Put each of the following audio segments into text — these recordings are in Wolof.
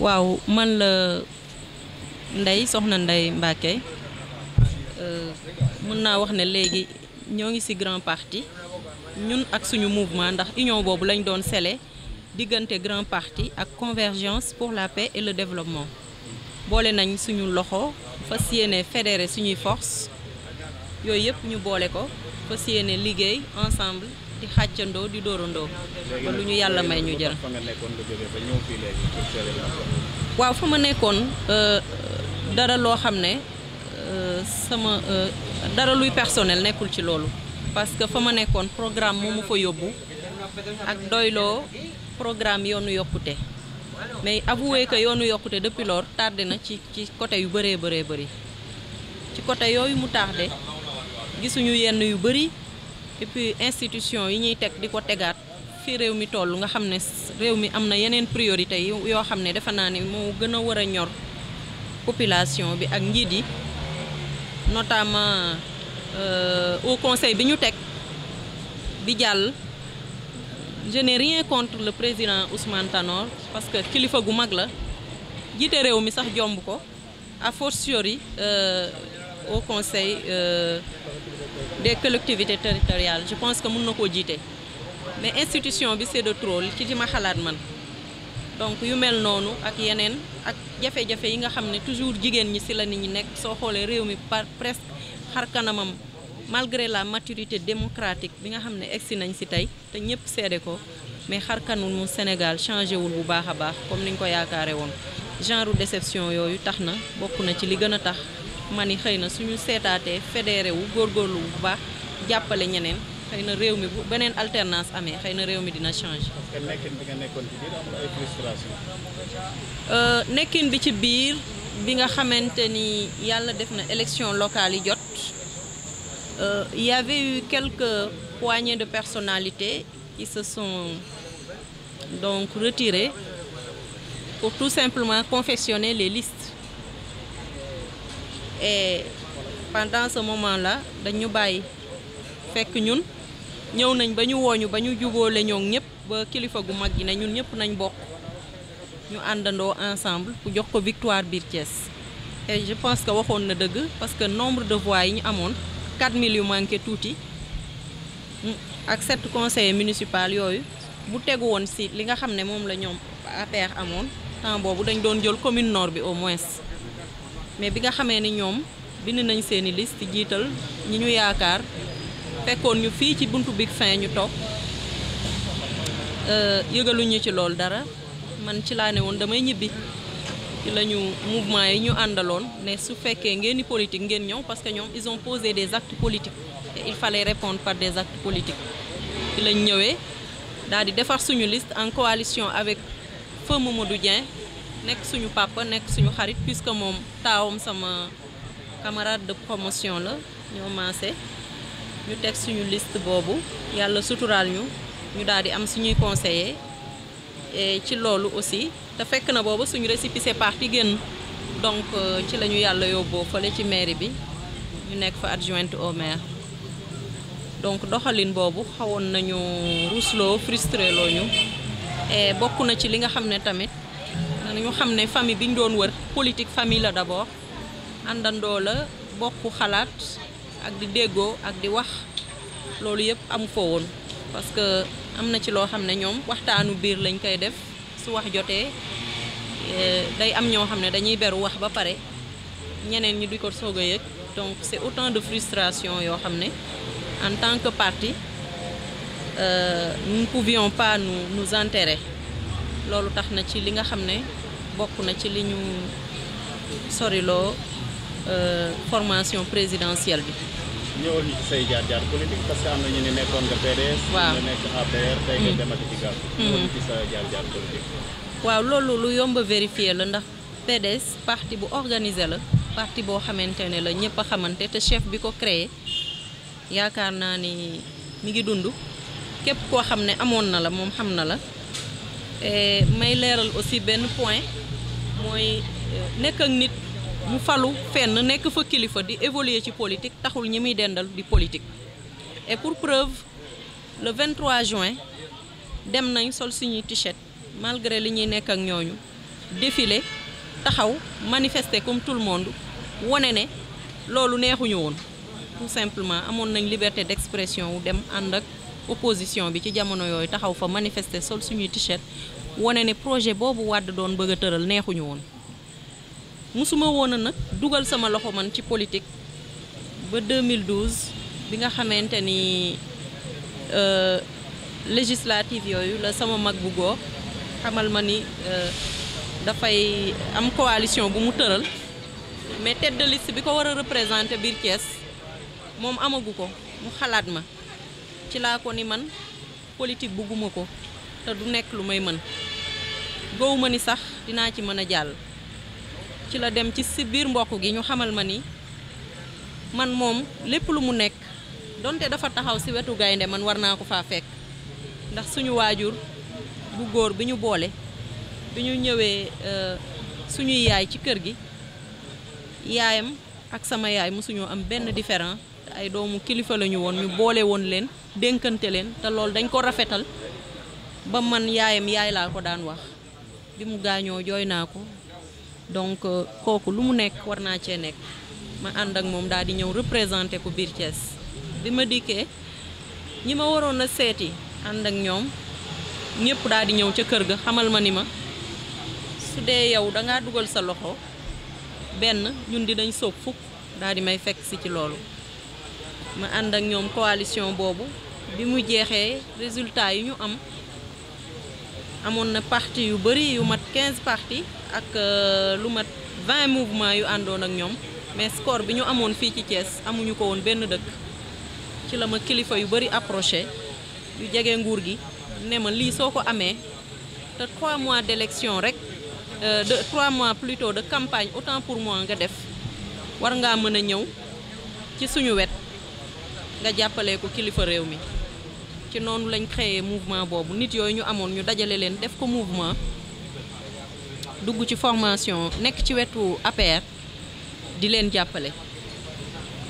waaw man la Ndeye soxna Ndeye Mbacké euh, mun naa wax ne léegi ñoo ngi ci grand parti ñun ak suñu mouvement ndax union boobu lañ doon sele diggante grand parti ak convergence pour la paix et le développement boole nañ suñu loxo fas yéene fédéré suñuy force yooyu yëpp ñu boole ko fas yéene liggéey ensemble di xàccandoo di dóorandoo ba lu ñu yàlla may ñu jël waaw fa ma nekkoon euh, dara loo xam ne euh, sama euh, dara luy personnel nekkul ci loolu parce que fa ma nekkoon programme moo ma ko yóbbu ak doyloo programme yoonu yokkute mais avoué que yoonu yokkute depuis lors na ci ci côté yu bëree bëree bëri ci côté yooyu mu tardé gisuñu yenn yu bëri et puis institution yi ñuy teg di ko tegaat fi réew mi toll nga xam ne réew mi am na yeneen priorité yi yoo xam ne defe naa ne moo gën a war a ñor population bi ak njiit yi notamment euh, au conseil bi ñu teg bi jàll je n'ai rien le président Ousmane Tanor parce que kilifa gu mag la jiite réew mi sax jomb ko a fortiori euh, au conseil euh, des collectivités territoriales je pense que mun na koo jiite mais institution bi c'est de trop ci di ma xalaat man donc yu mel noonu ak yeneen ak jafe-jafe yi nga xam ne toujours jigéen ñi ci la nit ñi nekk soo xoolee réew mi par presque xar kanamam malgré la maturité démocratique bi nga xam ne egsi nañ ci tey te ñépp seede ko mais xar kanamu Sénégal changé wul bu baax a baax comme niñ ko yaakaare woon genre déception yooyu tax na bokk na ci li gën a tax ma ni xëy na suñu seetaatee fédéré wu góorgóorlu bu baax jàppale ñeneen xëy na réew mi beneen alternance amee xëy na réew mi dina changer. parce euh, nekkin bi ci biir bi nga xamante ni yàlla def na élection locale yi jot il euh, y quelque eu de personnalités qui se sont donc retire pour tout simplement confectionner les listes. et pendant ce moment-là dañu bàyyi fekk ñun ñëw nañ ba ñu wooñu ba ñu jubóole ñoom ñëpp ba kilifa gu mag gi ne ñun ñëpp nañ bokk ñu àndandoo ensemble pour jox ko victoire biir Thiès et je pense que waxoon na dëgg parce que nombre de voix yi ñu amoon 4000 yu manqué tuuti hmm, ak sept conseillers municipaux yooyu bu tegu woon si li nga xam ne moom la ñoom APR amoon temps boobu dañ doon jël commune nord bi au moins mais bi nga xamee ni ñoom bind nañ seen i liste jiital ñi ñu yaakaar fekkoon ñu fii ci bunt Big Fin ñu toog euh, yëgaluñu ci loolu dara man ci laa ne woon damay ñibbi ci la mouvement yi ñu àndaloon ne su fekkee ngeen di politique ngeen ñëw parce que ñoom ils ont posé des actes politiques et il fallait répondre par des actes politiques ci lañ ñëwee daal di defar suñu liste en coalition avec feu Mamadou Dieng nekk suñu papa nekk suñu xarit puisque moom taawam sama camarade de promotion la ñoo maase ñu teg suñu liste boobu yàlla suturaal ñu ñu daal di am suñuy conseiller et ci loolu aussi te fekk na boobu suñu récépissé parti génn donc euh, ci la ñu yàlla yóbboo fële ci mairie bi ñu nekk fa adjointe au maire donc doxalin boobu xawoon nañu ruusloo frustré loo ñu bokk na ci li nga xam ne tamit ñu xam ne famille bi ñu doon wër politique famille la d'abord àndandoo la bokku xalaat ak di déggoo ak di wax loolu yëpp amu fa woon parce que am na ci loo xam ne ñoom waxtaanu biir lañ koy def su wax jotee eh, day am ñoo xam ne dañuy beru wax ba pare ñeneen ñi du ko soog a yëg donc c'est autant de frustration yoo xam ne en tant que parti euh, nous ne pas nu nous enterrer loolu tax na ci li nga xam ne bokk na ci li ñu soriloo euh, formation présidentielle bi. ñëwal ñu ci waaw loolu lu yomb a vérifier la ndax PDS parti bu organisé la parti boo xamante ne la ñëpp xamante te chef bi ko créé yaakaar naa ni mi ngi dund képp koo xam ne amoon na la moom xam na la. Eh, may leeral aussi benn point mooy eh, nekk ak nit mu falu fenn nekk fa kilifa di évoluer ci politique taxul ñi muy dendal di politique et pour preuve le 23 juin dem nañ sol suñuy t-shirt malgré li ñuy nekk ak ñooñu défilé taxaw manifester comme tout le monde wone ne loolu neexu neexuñu woon tout simplement amoon nañ liberté d'expression wu dem ànd ak opposition bi ci jamono yooyu taxaw fa manifester sol suñuy t-shirt wane ne projet boobu Wade doon bëgg tëral neexuñu woon mosuma woon nag dugal sama loxo man ci politique ba 2012 bi nga xamante ni euh, législative yooyu la sama mag bu góor xamal ma ni euh, dafay am coalition bu mu tëral mais tête de bi ko war a représenter biir Thiès moom amagu ko mu xalaat ma ci laa ko ni man politique bugguma ko te du nekk lu may mën gow ma ni sax dinaa ci mën a jàll ci la dem ci si biir mbokk gi ñu xamal ma ni man moom lépp lu mu nekk donte dafa taxaw si wetu gaynde man war naa ko faa fekk ndax suñu waajur bu góor bi ñu boole bi ñu ñëwee euh, suñuy yaay ci kër gi yaayam ak sama yaay mosuñoo am benn différent ay doomu kilifa la ñu woon ñu boole woon leen dénkante leen te loolu dañ ko rafetal ba man yaayam yaay laa ko daan wax bi mu gaañoo jooy naa ko donc euh, kooku lu mu nekk war naa cee nekk ma ànd ak moom daal di ñëw représenté ko biir Thiès bi ma dikkee ñi ma waroon a seeti ànd ak ñoom ñëpp daal di ñëw ca kër ga xamal ma ni ma su dee yow da ngaa dugal sa loxo benn ñun di dañ soog fukk daal di may fekk si ci loolu ma ànd ak ñoom coalition boobu bi mu jeexee résultat yi ñu am amoon na partie yu bëri yu mat 15 parti ak euh, lu mat 20 mouvement yu àndoon ak ñoom mais score bi ñu amoon fii ci Thiès amuñu ko woon benn dëkk ci la ma kilifa yu bëri approché yu jege nguur gi ne ma lii soo ko amee te 3 mois d'élection rek euh, de 3 mois plutôt de campagne autant pour mois nga def war ngaa mën a ñëw ci suñu wet nga jàppalee ko kilifa réew mi ci noonu lañ créé mouvement boobu nit yooyu ñu amoon ñu dajale leen def ko mouvement dugg ci formation nekk ci wetu APR di leen jàppale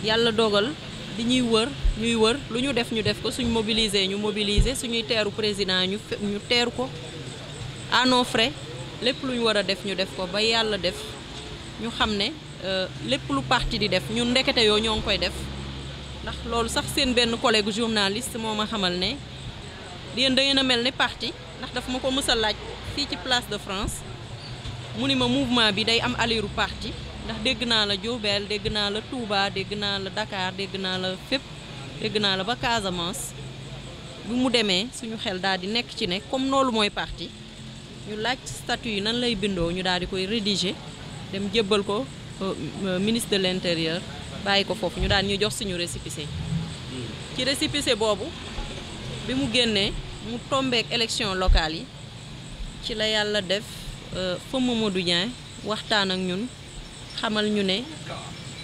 yàlla dogal di ñuy wër ñuy wër lu ñu def ñu def ko suñ mobiliser ñu mobiliser suñuy teeru président ñu ñu teeru ko à nos frais lépp lu ñu war a def ñu def ko ba yàlla def ñu xam ne euh, lépp lu parti di def ñun ndekete yoo ñoo ngi koy def ndax loolu sax seen benn collègue journaliste moo ma xamal ne yéen da ngeen a mel ne parti ndax dafa ma ko mës a laaj fii ci place de France mu ni ma mouvement bi day am aliru parti ndax dégg naa la Diourbel dégg naa la Touba dégg naa la dakaar dégg naa la fépp dégg naa la ba Casamance bi mu demee suñu xel daal di nekk ci ne comme noolu mooy parti ñu laaj statut yi nan lay bindoo ñu daal di koy rédiger dem jébbal ko euh, ministre de l'intérieur bàyyi ko foofu ñu daan ñu jox suñu récépissé ci récépissé boobu bi mu génnee mu tombeek élection locale yi ci la yàlla def euh, fa Mamadou Dieng waxtaan ak ñun xamal ñu ne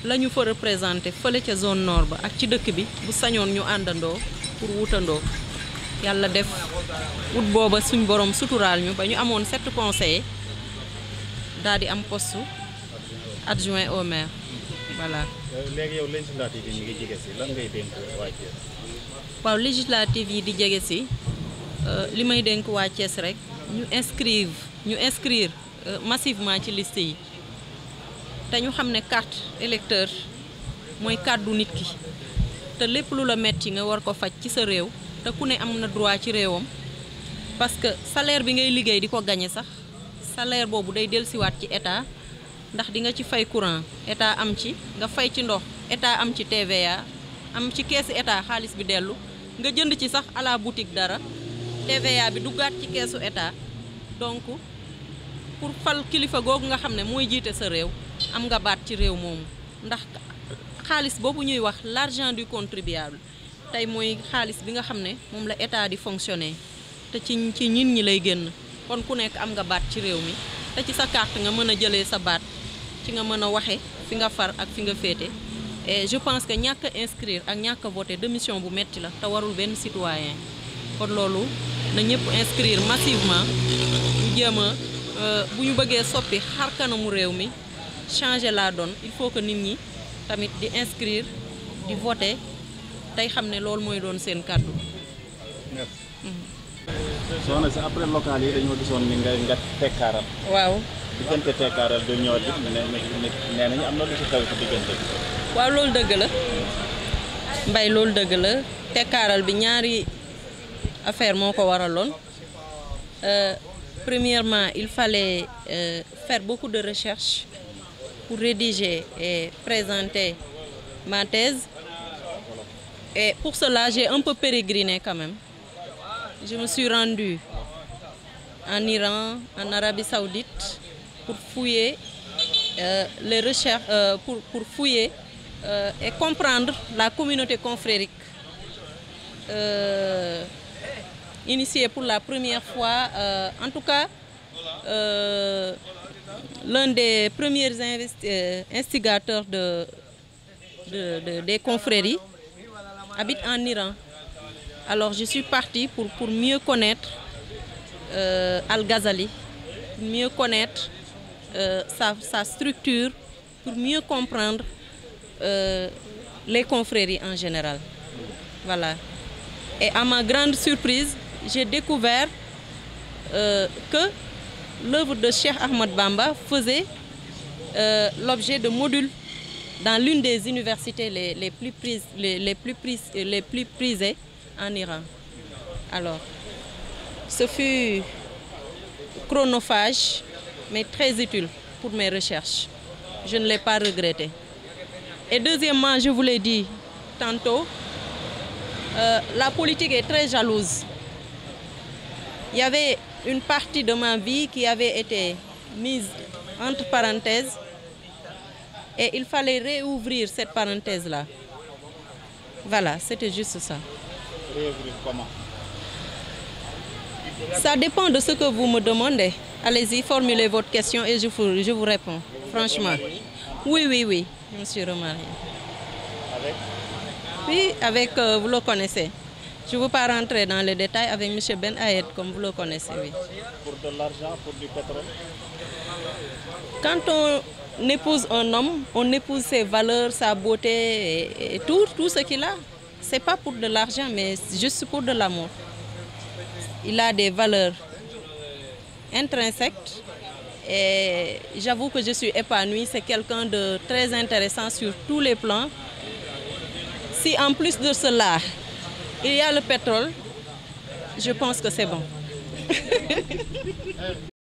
la ñu fa représenté fële ca zone nord ba ak ci dëkk bi bu sañoon ñu àndandoo pour wutandoo yàlla def wut booba suñ borom suturaal ñu ba ñu amoon set conseillers daal di am poste adjoint au maire voilà. léegi yow ñu si lan ngay waaw législative yi di jege si euh, li may dénk waa Thiès rek ñu inscrire ñu inscrire euh, massivement ci liste yi te ñu xam ne carte électeur mooy kàddu nit ki te lépp lu la metti nga war ko faj ci sa réew te ku ne am na droit ci réewam parce que salaire bi ngay liggéey di ko gañe sax salaire boobu day dellusiwaat ci état. ndax di nga ci fay courant état am ci nga fay ci ndox état am ci TVA am ci keesu état xaalis bi dellu nga jënd ci sax à boutique dara TVA bi duggaat ci keesu état donc pour fal kilifa googu nga xam ne mooy jiite sa réew am nga baat ci réew moomu ndax xaalis boobu ñuy wax l'argent du contribuable tey mooy xaalis bi nga xam ne moom la état di fonctionner te ci ci ñin ñi lay génn kon ku nekk am nga baat ci réew mi te ci sa carte nga mën a jëlee sa baat ci nga mën a waxee fi nga far ak fi nga féete et je pense que ñàkk a ak ñàkk a voter bu metti la te warul benn citoyen kon loolu na ñëpp inscrire massivement ñu jéem a euh, bu ñu bëggee soppi xar kanamu réew mi changer la donne il faut que nit ñi tamit di inscrire di voter tey xam ne loolu mooy doon seen kàddu. merci. Mhm. soxna si après local yi dañoo gisoon ni nga nga waaw. diggante teekaaral du ñëwaat it nee nañu am na lu ci xew ci diggante bi. waaw loolu dëgg la mbay loolu dëgg la tekkaaral bi ñaari affaire moo ko waraloon euh, premièrement il fallait euh, faire beaucoup de recherche pour rédiger et présenter ma thèse et pour cela j'ai un peu pérégriné quand je me suis rendue en Iran en Arabie Saoudite pour fouiller euh, les recherches, euh, pour, pour, fouiller euh, et comprendre la communauté confrérique. Euh, initiée pour la première fois, euh, en tout cas, l'un des premiers instigateurs de, de, de, des confréries habite en Iran. Alors je suis partie pour, pour mieux connaître euh, Al-Ghazali, mieux connaître euh, sa, sa, structure pour mieux comprendre euh, les confréries en général. Voilà. Et à ma grande surprise, j'ai découvert euh, que l'œuvre de Cheikh Ahmed Bamba faisait euh, l'objet de modules dans l'une des universités les, les plus prises, les, les, plus les plus prisées en Iran. Alors, ce fut chronophage, mais très utile pour mes recherches. Je ne l'ai pas regretté. Et deuxièmement, je vous l'ai dit tantôt, euh, la politique est très jalouse. Il y avait une partie de ma vie qui avait été mise entre parenthèses et il fallait réouvrir cette parenthèse-là. Voilà, c'était juste ça. Réouvrir comment Ça dépend de ce que vous me demandez. Allez-y, formulez votre question et je vous, je vous réponds. Franchement. Oui, oui, oui. Je me suis remariée. Avec euh, vous le connaissez. Je ne veux pas rentrer dans les détails avec M. Ben Ahed, comme vous le connaissez, oui. Pour de l'argent, pour du pétrole Quand on épouse un homme, on épouse ses valeurs, sa beauté tout, ce qu'il a. Ce pas pour de l'argent, mais juste pour de l'amour. Il a des valeurs intrinsèque et j'avoue que je suis épanouie. C'est quelqu'un de très intéressant sur tous les plans. Si en plus de cela, il y a le pétrole, je pense que c'est bon.